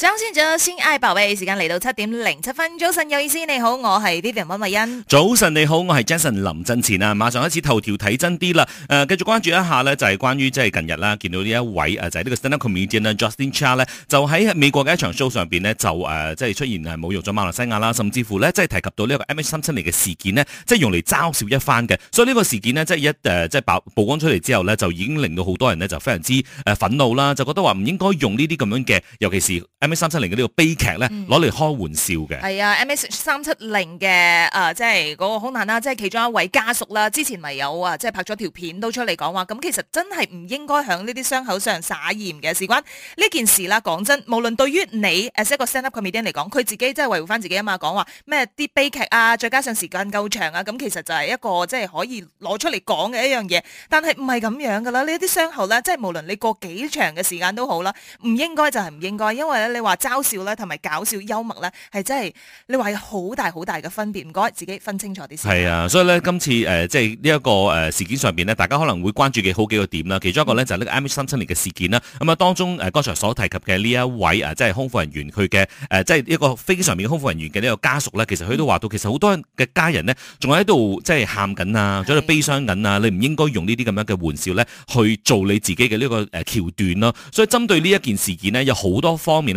首先就先嗌，寶貝，時間嚟到七點零七分，早晨有意思，你好，我係 Lily 溫慧欣。早晨你好，我係 Jason 林振前啊！馬上開始頭條睇真啲啦，誒、呃，繼續關注一下、就是一啊就是、comedian, Char，呢，就係關於即係近日啦，見到呢一位就係呢個 Stand Up comedian Justin Chia 咧，就喺美國嘅一場 show 上邊呢，就誒、呃、即係出現係侮辱咗馬來西亞啦，甚至乎呢即係提及到呢一個 MH 三七零嘅事件呢，即係用嚟嘲笑一番嘅。所以呢個事件呢，即係一誒即係曝光出嚟之後呢，就已經令到好多人呢就非常之誒憤、呃、怒啦，就覺得話唔應該用呢啲咁樣嘅，尤其是的。MH370 嘅呢個悲劇咧，攞嚟開玩笑嘅。係、嗯、啊，MH370 嘅誒，即係嗰個好難啦、啊，即、就、係、是、其中一位家屬啦。之前咪有啊，即、就、係、是、拍咗條片都出嚟講話。咁其實真係唔應該喺呢啲傷口上撒鹽嘅。事關呢件事啦，講真，無論對於你誒一個 stand up comedian 嚟講，佢自己即係維護返自己啊嘛，講話咩啲悲劇啊，再加上時間夠長啊，咁其實就係一個即係可以攞出嚟講嘅一樣嘢。但係唔係咁樣㗎啦，呢啲傷口咧，即係無論你過幾長嘅時間都好啦，唔應該就係唔應該，因為咧你。話嘲笑咧，同埋搞笑幽默咧，係真係你話有好大好大嘅分別，唔該自己分清楚啲先。係啊，所以咧今次誒、呃，即係呢一個誒事件上邊咧，大家可能會關注嘅好幾個點啦。其中一個咧就係呢個 MH370 嘅事件啦。咁、嗯、啊，當中誒剛才所提及嘅呢一位誒即係空服人員，佢嘅誒即係一個飛機上面嘅空服人員嘅呢個家屬咧，其實佢都話到，其實好多人嘅家人呢，仲喺度即係喊緊啊，仲喺度悲傷緊啊。的你唔應該用呢啲咁樣嘅玩笑咧去做你自己嘅呢個誒橋段咯。所以針對呢一件事件呢，有好多方面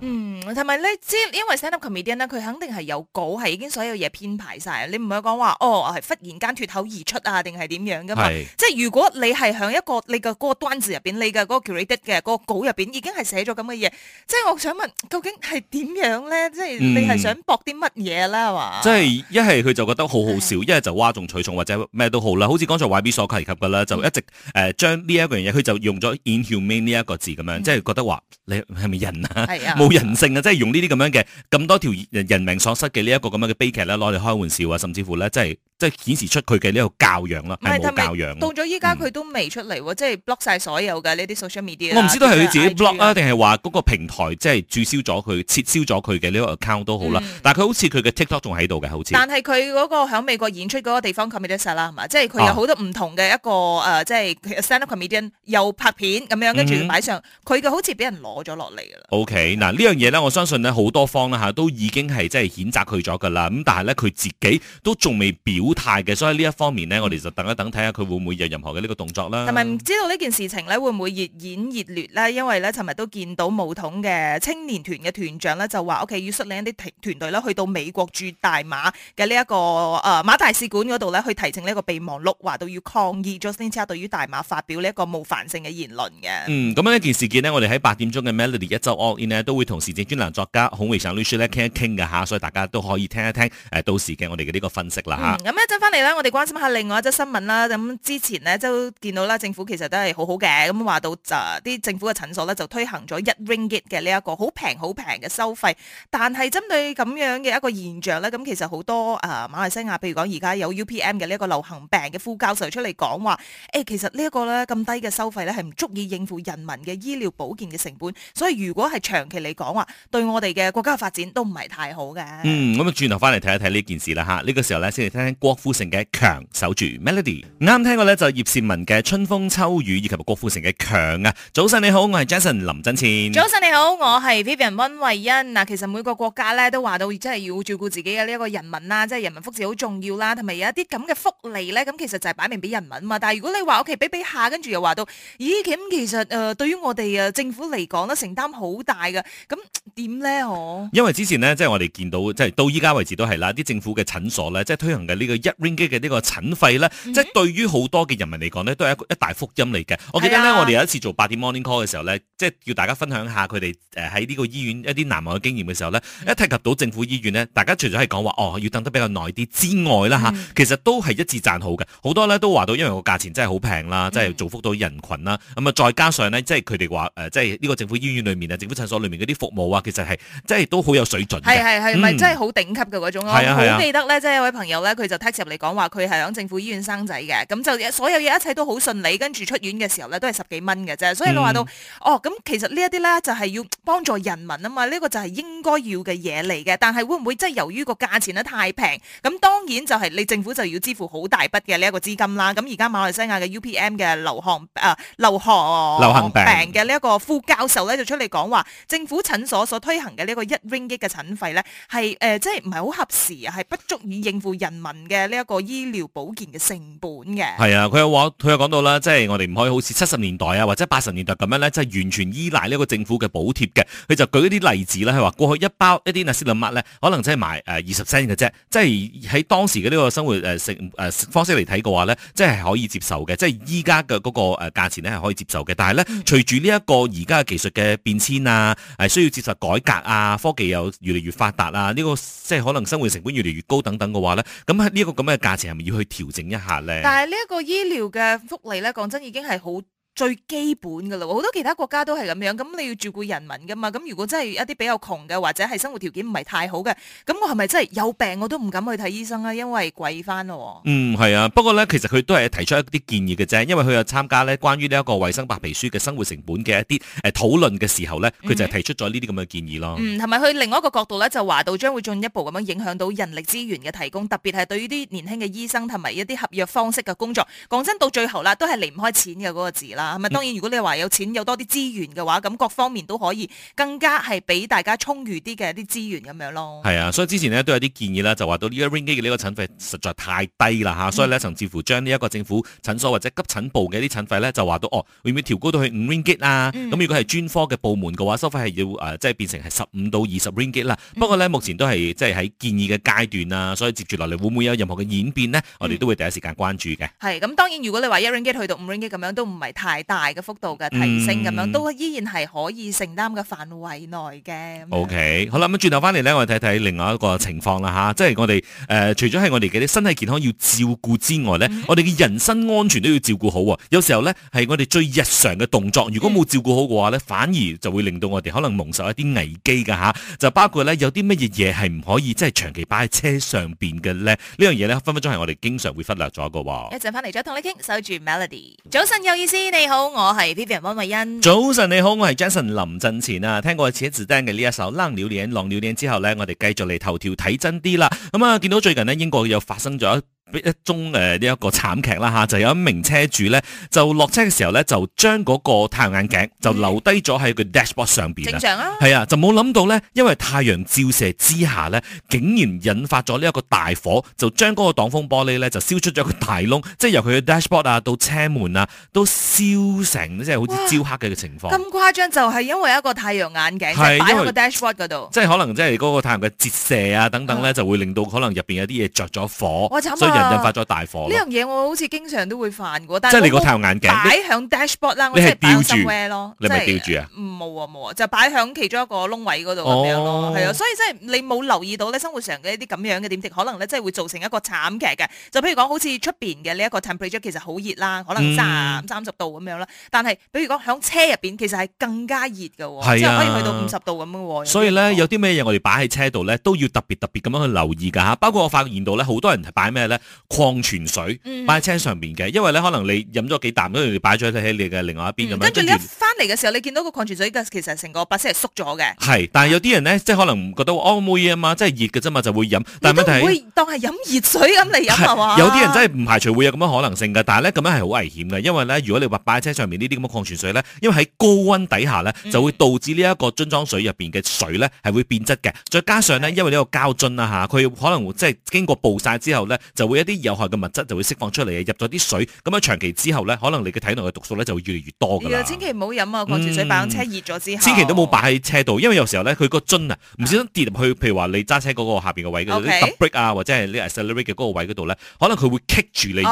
嗯，同埋咧，之因為 stand-up comedian 咧，佢肯定係有稿，係已經所有嘢編排曬，你唔係講話哦，我係忽然間脫口而出啊，定係點樣噶嘛？即係如果你係響一個你嘅嗰個段子入邊，你嘅嗰個 creative 嘅嗰個稿入邊已經係寫咗咁嘅嘢，即係我想問，究竟係點樣咧？即係你係想搏啲乜嘢咧？話即係一係佢就覺得好好笑，一係就嘩眾取寵或者咩都好啦。好似剛才 YB 所提及嘅咧，就一直誒將呢一樣嘢，佢就用咗 inhuman 呢一個字咁樣，即係覺得話你係咪人啊？係啊。冇人性啊！即係用呢啲咁樣嘅咁多條人人命喪失嘅呢一個咁樣嘅悲劇咧，攞嚟開玩笑啊，甚至乎就咧是，即係。即係顯示出佢嘅呢個教養啦，係冇教養。到咗依家佢都未出嚟，即係 block 晒所有嘅呢啲 social media。我唔知道係佢自己 block 啊，定係話嗰個平台即係註銷咗佢、撤銷咗佢嘅呢個 account 都好啦。但係佢好似佢嘅 TikTok 仲喺度嘅，好似。但係佢嗰個響美國演出嗰個地方 comedy 啦，係嘛？即係佢有好多唔同嘅一個誒，即係 stand up comedian 又拍片咁樣，跟住擺上，佢嘅好似俾人攞咗落嚟噶啦。OK，嗱呢樣嘢咧，我相信咧好多方啦吓都已經係即係譴責佢咗噶啦。咁但係咧佢自己都仲未表。股態嘅，所以呢一方面呢，我哋就等一等睇下佢會唔會有任何嘅呢個動作啦。同埋唔知道呢件事情呢會唔會熱演熱烈呢？因為呢，尋日都見到巫統嘅青年團嘅團長呢，就話：O.K. 要率領一啲團隊呢去到美國駐大馬嘅呢一個誒、呃、馬大使館嗰度呢，去提呈呢一個備忘錄，話到要抗議 Johnson 先生對於大馬發表呢一個冒犯性嘅言論嘅。嗯，咁樣呢件事件呢，我哋喺八點鐘嘅 Melody 一周 all in 呢都會同時政專欄作家孔維成律師呢傾一傾嘅嚇，所以大家都可以聽一聽誒到時嘅我哋嘅呢個分析啦嚇。嗯一陣翻嚟呢，我哋關心下另外一則新聞啦。咁之前咧都見到啦，政府其實都係好好嘅。咁話到啲政府嘅診所咧就推行咗一 Ringgit 嘅呢一個好平好平嘅收費。但係針對咁樣嘅一個現象咧，咁其實好多啊馬來西亞，譬如講而家有 UPM 嘅呢一個流行病嘅副教授出嚟講話，誒、欸、其實呢一個咧咁低嘅收費咧係唔足以應付人民嘅醫療保健嘅成本。所以如果係長期嚟講話，對我哋嘅國家發展都唔係太好嘅。嗯，咁啊轉頭翻嚟睇一睇呢件事啦嚇。呢、這個時候咧先嚟聽聽。郭富城嘅強守住 Melody 啱聽過咧，就葉倩文嘅春風秋雨，以及郭富城嘅強啊！早晨你好，我係 Jason 林振千。早晨你好，我係 Vivian 温慧欣。嗱，其實每個國家咧都話到，即係要照顧自己嘅呢一個人民啦，即係人民福祉好重要啦，同埋有一啲咁嘅福利咧，咁其實就係擺明俾人民啊嘛。但係如果你話屋企俾俾下，跟住又話到，咦其實誒、呃，對於我哋政府嚟講咧，承擔好大噶，咁點咧？我因為之前呢，即係我哋見到，即係到依家為止都係啦，啲政府嘅診所咧，即係推行嘅呢、這個。一 ring 機嘅呢個診費咧，即係、嗯、對於好多嘅人民嚟講呢，都係一一大福音嚟嘅。我記得呢，啊、我哋有一次做八點 morning call 嘅時候呢，即係叫大家分享下佢哋誒、喺呢個醫院一啲難忘嘅經驗嘅時候呢。嗯、一提及到政府醫院呢，大家除咗係講話哦要等得比較耐啲之外啦嚇、啊，其實都係一致讚好嘅。好多呢都話到，因為個價錢真係好平啦，即係造福到人群啦。咁、嗯、啊，再加上呢，即係佢哋話誒、即係呢個政府醫院裏面啊，政府診所裏面嗰啲服務啊，其實係真係都好有水準。係係係，嗯、真係好頂級嘅嗰種。是啊，是啊，我好記得呢，即係一位朋友呢，佢就。出嚟講話佢係響政府醫院生仔嘅，咁就所有嘢一切都好順利，跟住出院嘅時候咧都係十幾蚊嘅啫。所以你話到，嗯、哦，咁其實呢一啲咧就係、是、要幫助人民啊嘛，呢、這個就係應該要嘅嘢嚟嘅。但係會唔會即係由於個價錢咧太平，咁當然就係你政府就要支付好大筆嘅呢一個資金啦。咁而家馬來西亞嘅 UPM 嘅流行流行流行病嘅呢一個副教授咧就出嚟講話，政府診所所推行嘅呢一個一 ring 一嘅診費咧係即係唔係好合時啊，係不足以應付人民嘅，呢一個醫療保健嘅成本嘅，係啊，佢有話，佢有講到啦，即係我哋唔可以好似七十年代啊，或者八十年代咁樣咧，即係完全依賴呢個政府嘅補貼嘅。佢就舉一啲例子啦，佢話過去一包一啲阿司匹林咧，可能即係賣誒二十 cent 嘅啫，即係喺當時嘅呢個生活、呃呃、方式嚟睇嘅話咧，即係可以接受嘅，即係依家嘅嗰個價錢咧係可以接受嘅。但係咧，隨住呢一個而家嘅技術嘅變遷啊，需要接受改革啊，科技又越嚟越發達啊，呢個即係可能生活成本越嚟越高等等嘅話咧，咁喺呢？個咁嘅價錢係咪要去調整一下咧？但係呢一個醫療嘅福利咧，講真已經係好。最基本噶啦，好多其他國家都係咁樣，咁你要照顧人民噶嘛？咁如果真係一啲比較窮嘅，或者係生活條件唔係太好嘅，咁我係咪真係有病我都唔敢去睇醫生啊？因為貴翻咯。嗯，係啊。不過咧，其實佢都係提出一啲建議嘅啫。因為佢又參加咧關於呢一個衛生白皮書嘅生活成本嘅一啲誒討論嘅時候咧，佢就提出咗呢啲咁嘅建議咯、嗯。嗯，同埋佢另外一個角度咧，就話到將會進一步咁樣影響到人力資源嘅提供，特別係對於啲年輕嘅醫生同埋一啲合約方式嘅工作。講真，到最後啦，都係離唔開錢嘅嗰個字啦。咁啊，當然如果你話有錢有多啲資源嘅話，咁各方面都可以更加係俾大家充裕啲嘅啲資源咁樣咯。係啊，所以之前咧都有啲建議啦，就話到呢一 ringgit 嘅呢個診費實在太低啦、嗯、所以咧甚至乎將呢一個政府診所或者急診部嘅啲診費咧就話到哦，會唔會調高到去五 ringgit 啊？咁、嗯、如果係專科嘅部門嘅話，收費係要、呃、即係變成係十五到二十 ringgit 啦。嗯、不過咧，目前都係即係喺建議嘅階段啊，所以接住落嚟會唔會有任何嘅演變咧？嗯、我哋都會第一時間關注嘅。係咁、嗯，當然如果你話一 ringgit 去到五 ringgit 咁樣都唔係太大嘅幅度嘅提升咁樣，嗯、都依然係可以承擔嘅範圍內嘅。OK，、嗯、好啦，咁轉頭翻嚟咧，我哋睇睇另外一個情況啦吓，即係我哋誒、呃，除咗係我哋嘅身體健康要照顧之外咧，嗯、我哋嘅人身安全都要照顧好。有時候咧，係我哋最日常嘅動作，如果冇照顧好嘅話咧，嗯、反而就會令到我哋可能蒙受一啲危機嘅吓。就包括咧，有啲乜嘢嘢係唔可以即係長期擺喺車上邊嘅咧？樣東西呢樣嘢咧，分分鐘係我哋經常會忽略咗㗎喎。一陣翻嚟再同你傾，守住 Melody。早晨，有意思你好，我係 Vivian 溫慧欣。早晨，你好，我係 Jason 林振前啊。聽過謝子丹嘅呢一首《浪了年》，浪了年之後咧，我哋繼續嚟頭條睇真啲啦。咁、嗯、啊，見到最近呢英國又發生咗。一宗誒呢一個慘劇啦吓，就有一名車主咧，就落車嘅時候咧，就將嗰個太陽眼鏡、嗯、就留低咗喺個 dashboard 上邊。正常啊，係啊，就冇諗到咧，因為太陽照射之下咧，竟然引發咗呢一個大火，就將嗰個擋風玻璃咧，就燒出咗個大窿，即、就、係、是、由佢嘅 dashboard 啊到車門啊都燒成即係、就是、好似焦黑嘅情況。咁誇張就係、是、因為一個太陽眼鏡擺喺個 dashboard 嗰度，即係可能即係嗰個太陽嘅折射啊等等咧，嗯、就會令到可能入邊有啲嘢着咗火。哇！就引發咗大火。呢樣嘢我好似經常都會犯嘅，但係你個太陽眼鏡擺響 dashboard 啦。你係吊住咯？你咪吊住啊？冇啊冇啊，就擺響其中一個窿位嗰度咁樣咯。係啊，所以真係你冇留意到咧，生活上嘅一啲咁樣嘅點滴，可能咧真係會造成一個慘劇嘅。就譬如講，好似出邊嘅呢一個 temperature 其實好熱啦，可能卅三十度咁樣啦。但係譬如講響車入邊，其實係更加熱嘅，即係可以去到五十度咁樣喎。所以咧，有啲咩嘢我哋擺喺車度咧，都要特別特別咁樣去留意㗎嚇。包括我發現到咧，好多人係擺咩咧？礦泉水擺喺車上面嘅，嗯、因為咧可能你飲咗幾啖，跟住擺咗喺你嘅另外一邊咁樣。跟住你翻嚟嘅時候，你見到個礦泉水其實成個白色係縮咗嘅。係，但係有啲人咧，即係可能唔覺得哦，冇嘢嘛，即係熱嘅啫嘛，就會飲。但你都會當係飲熱水咁嚟飲。有啲人真係唔排除會有咁樣嘅可能性嘅，但係咧咁樣係好危險嘅，因為咧如果你話擺喺車上面呢啲咁嘅礦泉水咧，因為喺高温底下咧，嗯、就會導致呢一個樽裝水入邊嘅水咧係會變質嘅。再加上咧，是因為呢個膠樽啊吓，佢可能會即係經過暴晒之後咧就會。一啲有害嘅物質就會釋放出嚟啊！入咗啲水咁樣長期之後咧，可能你嘅體內嘅毒素咧就會越嚟越多噶啦。千祈唔好飲啊！礦泉水擺喺車熱咗之後，千祈都冇擺喺車度，因為有時候咧，佢個樽啊，唔小心跌入去。譬如話你揸車嗰個下面嘅位嗰度，啲揼 brake 啊，或者係 accelerate 嘅嗰個位嗰度咧，可能佢會棘住你。你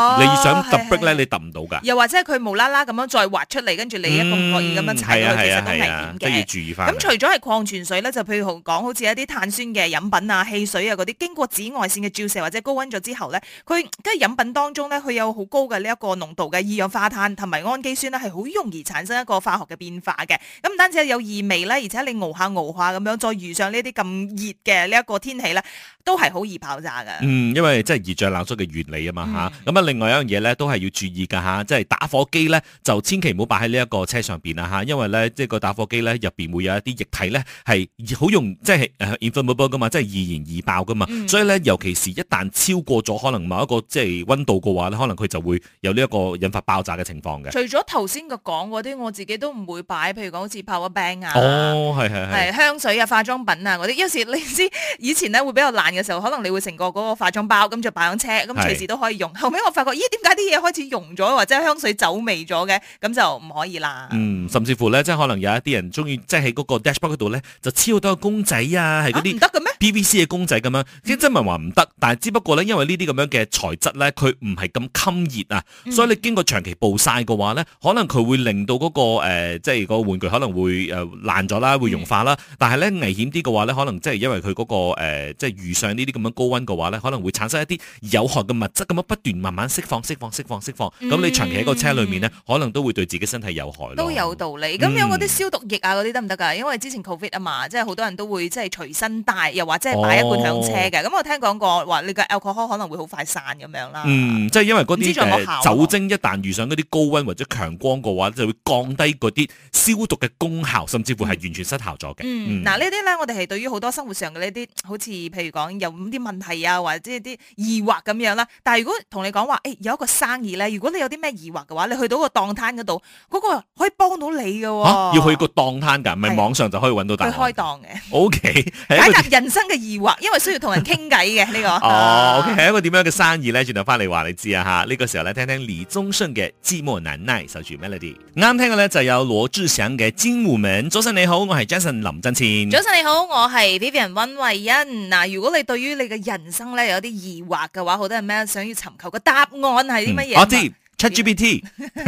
想揼 brake 咧，你揼唔到㗎。又或者佢無啦啦咁樣再滑出嚟，跟住你一個唔可以咁樣踩啊！係啊係啊，都要注意翻。咁除咗係礦泉水咧，就譬如好講好似一啲碳酸嘅飲品啊、汽水啊嗰啲，經過紫外線嘅照射或者高溫咗之後咧。佢即係飲品當中咧，佢有好高嘅呢一個濃度嘅二氧化碳同埋氨基酸咧，係好容易產生一個化學嘅變化嘅。咁唔單止有異味啦，而且你熬下熬下咁樣，再遇上呢啲咁熱嘅呢一個天氣咧，都係好易爆炸嘅，嗯，因為即係熱脹冷縮嘅原理啊嘛，吓、嗯，咁啊，另外一樣嘢咧都係要注意噶吓，即係打火機咧就千祈唔好擺喺呢一個車上邊啊吓，因為咧即係個打火機咧入邊會有一啲液體咧係好容即係誒、uh, 易燃易爆噶嘛，即係易燃易爆噶嘛，所以咧尤其是一旦超過咗可能某一個即係溫度嘅話咧，可能佢就會有呢一個引發爆炸嘅情況嘅。除咗頭先佢講嗰啲，我自己都唔會擺，譬如講好似爆啊餅啊，哦，係係係，係香水啊、化妝品啊嗰啲，有時你知以前咧會比較懶。嘅時候，可能你會成個嗰個化妝包咁就擺上車，咁隨時都可以用。是後尾我發覺，咦，點解啲嘢開始溶咗，或者香水走味咗嘅？咁就唔可以啦。嗯，甚至乎咧，即係可能有一啲人中意，即係喺嗰個 dashboard 嗰度咧，就超多公仔啊，係嗰啲唔得嘅咩 PVC 嘅公仔咁樣，即、啊嗯、真係話唔得。但係只不過咧，因為這這呢啲咁樣嘅材質咧，佢唔係咁襟熱啊，嗯、所以你經過長期暴曬嘅話咧，可能佢會令到嗰、那個誒、呃，即係個玩具可能會誒爛咗啦，會溶化啦。嗯、但係咧危險啲嘅話咧，可能即係因為佢嗰、那個誒、呃，即係像呢啲咁樣高温嘅話咧，可能會產生一啲有害嘅物質，咁樣不斷慢慢釋放、釋放、釋放、釋放。咁、嗯、你長期喺個車裏面呢，可能都會對自己身體有害。都有道理。咁有嗰啲消毒液啊，嗰啲得唔得噶？因為之前 Covid 啊嘛，即係好多人都會即係隨身帶，又或者係擺一罐響車嘅。咁、哦、我聽講過話，你嘅 Alcohol 可能會好快散咁樣啦。嗯，即係因為嗰啲酒精一旦遇上嗰啲高温或者強光嘅話，就會降低嗰啲消毒嘅功效，甚至乎係完全失效咗嘅。嗱，呢啲呢，我哋係對於好多生活上嘅呢啲，好似譬如講。有啲問題啊，或者啲疑惑咁樣啦。但係如果同你講話、欸，有一個生意咧，如果你有啲咩疑惑嘅話，你去到個檔攤嗰度，嗰、那個可以幫到你嘅喎、喔啊。要去個檔攤㗎，咪的網上就可以搵到大。去開檔嘅。O Okay K。 解答人生嘅疑惑，因為需要同人傾偈嘅呢個。哦，係一個點樣嘅生意咧？轉頭翻嚟話你知啊嚇。呢、這個時候咧，聽聽李宗盛嘅《寂寞難耐》守住 Melody。啱 mel 聽嘅咧就有羅志祥嘅《精舞門》。早晨你好，我係 Jason 林振千。早晨你好，我係 Vivian 温慧欣。嗱，如果你對於你嘅人生咧，有啲疑惑嘅話，好多係咩？想要尋求個答案係啲乜嘢？嗯 ChatGPT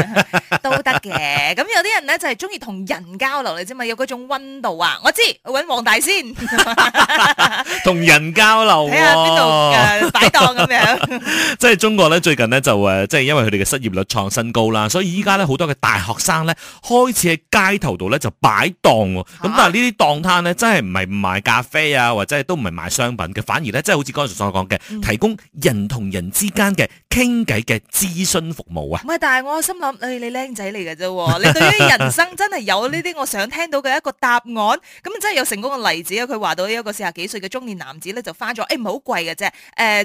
都得嘅，咁有啲人咧就係中意同人交流你啫嘛，有嗰種溫度啊！我知搵黃大仙同 人交流，啊，睇下邊度擺檔咁樣。即係 中國咧，最近咧就誒，即係因為佢哋嘅失業率創新高啦，所以依家咧好多嘅大學生咧開始喺街頭度咧就擺檔。咁但係呢啲檔攤咧真係唔係賣咖啡啊，或者係都唔係賣商品嘅，反而咧即係好似剛才所講嘅，提供人同人之間嘅傾偈嘅諮詢服務。冇啊！唔係，但係我心諗，誒、哎，你靚仔嚟嘅啫，你對於人生真係有呢啲，我想聽到嘅一個答案，咁 真係有成功嘅例子啊！佢話到一個四十幾歲嘅中年男子咧，就返咗，誒，唔係好貴嘅啫，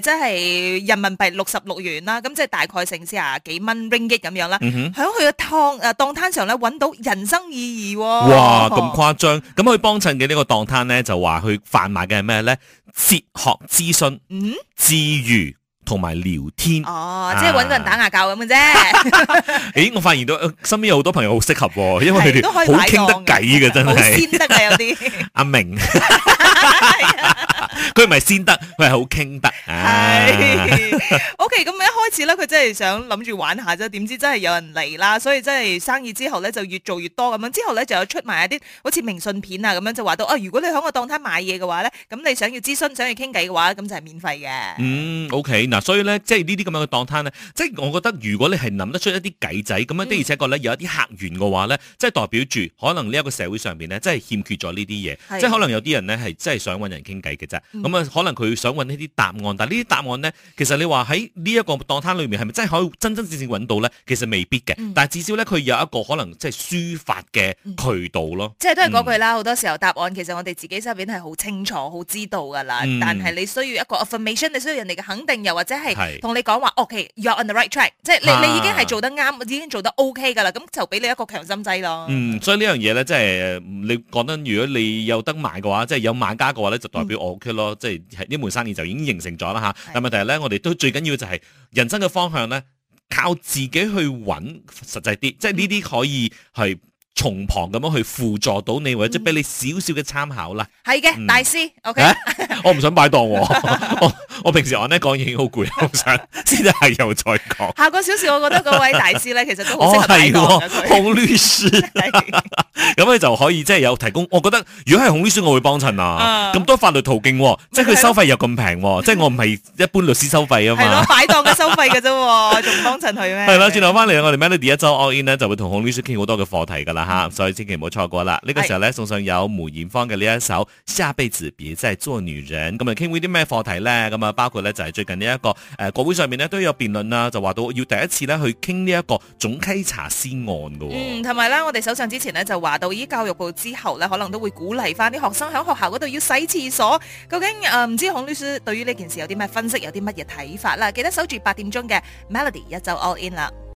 誒，即係人民幣六十六元啦，咁即係大概成四十幾蚊 ringgit 咁樣啦，喺佢嘅檔誒檔攤上咧，搵到人生意義、哦，哇，咁誇張！咁佢幫襯嘅呢個檔攤咧，就話佢販賣嘅係咩咧？哲學諮詢，嗯，治同埋聊天哦，啊、即係搵個人打牙膠咁嘅啫。咦、 哎，我發現到身邊有好多朋友好適合，因為佢哋好傾得偈嘅真係。 先得 啊，有啲阿明，佢唔係先得，佢係好傾得。係 O K，咁一開始咧，佢真係想諗住玩下啫，點知真係有人嚟啦，所以真係生意之後咧就越做越多咁樣。之後咧就有出埋一啲好似明信片啊咁樣，就話到、哦、如果你喺我檔攤買嘢嘅話咧，咁你想要咨詢、想要傾偈嘅話，咁就係免費嘅。嗯，O K。Okay, 嗱、啊，所以咧，即係呢啲咁樣嘅檔攤咧，即係我覺得，如果你係諗得出一啲計仔咁樣，的、嗯、而且確咧有一啲客源嘅話咧，即係代表住可能呢一個社會上邊咧，真係欠缺咗呢啲嘢，是的 即係可能有啲人咧係真係想揾人傾偈嘅啫。咁啊，可能佢想揾呢啲答案，但係呢啲答案咧，其實你話喺呢一個檔攤裏面係咪真係可以真真正正揾到咧？其實未必嘅。嗯、但係至少咧，佢有一個可能即係抒發嘅渠道咯。嗯、即係都係嗰句啦，好、嗯、多時候答案其實我哋自己身邊係好清楚、好知道㗎啦。嗯、但係你需要一個 affirmation，你需要人哋嘅肯定，又或者係同你講話是，OK，you're、OK, on the right track，、啊、即係你你已經係做得啱，已經做得 OK 噶啦，咁就俾你一個強心劑咯。嗯，所以這件事呢樣嘢咧，即係你講得，如果你有得買嘅話，即係有買家嘅話咧，就代表我 OK 咯，嗯、即係呢門生意就已經形成咗啦吓。是但係問題係咧，我哋都最緊要就係人生嘅方向咧，靠自己去揾實際啲，即係呢啲可以係從旁咁樣去輔助到你，嗯、或者即係俾你少少嘅參考啦。係嘅的，嗯、大師，OK。欸、我唔想擺檔、啊。 我平時我咧講已經好攰，我想先系又再講。下個小時，我覺得嗰位大師咧，其實都好適合擺檔。孔律師咁你就可以即係有提供。我覺得如果係孔律師，我會幫襯啊。咁多法律途徑，即係佢收費又咁平，即係我唔係一般律師收費啊嘛。係咯，擺檔嘅收費㗎啫，仲唔幫襯佢咩？係啦，轉頭翻嚟，我哋 Melody 一週 all in 咧就會同孔律師傾好多嘅課題噶啦吓，所以千祈唔好錯過啦。呢個時候咧，送上有梅艷芳嘅呢一首《下輩子別再做女人》，咁啊傾會啲咩課題咧？啊，包括咧就係最近呢、這、一個誒、呃，國會上面咧都有辯論啦，就話到要第一次咧去傾呢一個總稽查師案噶，哦。嗯，同埋咧，我哋首相之前呢就話到依教育部之後呢，可能都會鼓勵翻啲學生喺學校嗰度要洗廁所。究竟誒、唔、呃、知孔律師對於呢件事有啲咩分析，有啲乜嘢睇法啦？記得守住八點鐘嘅 Melody，一周 All In 啦。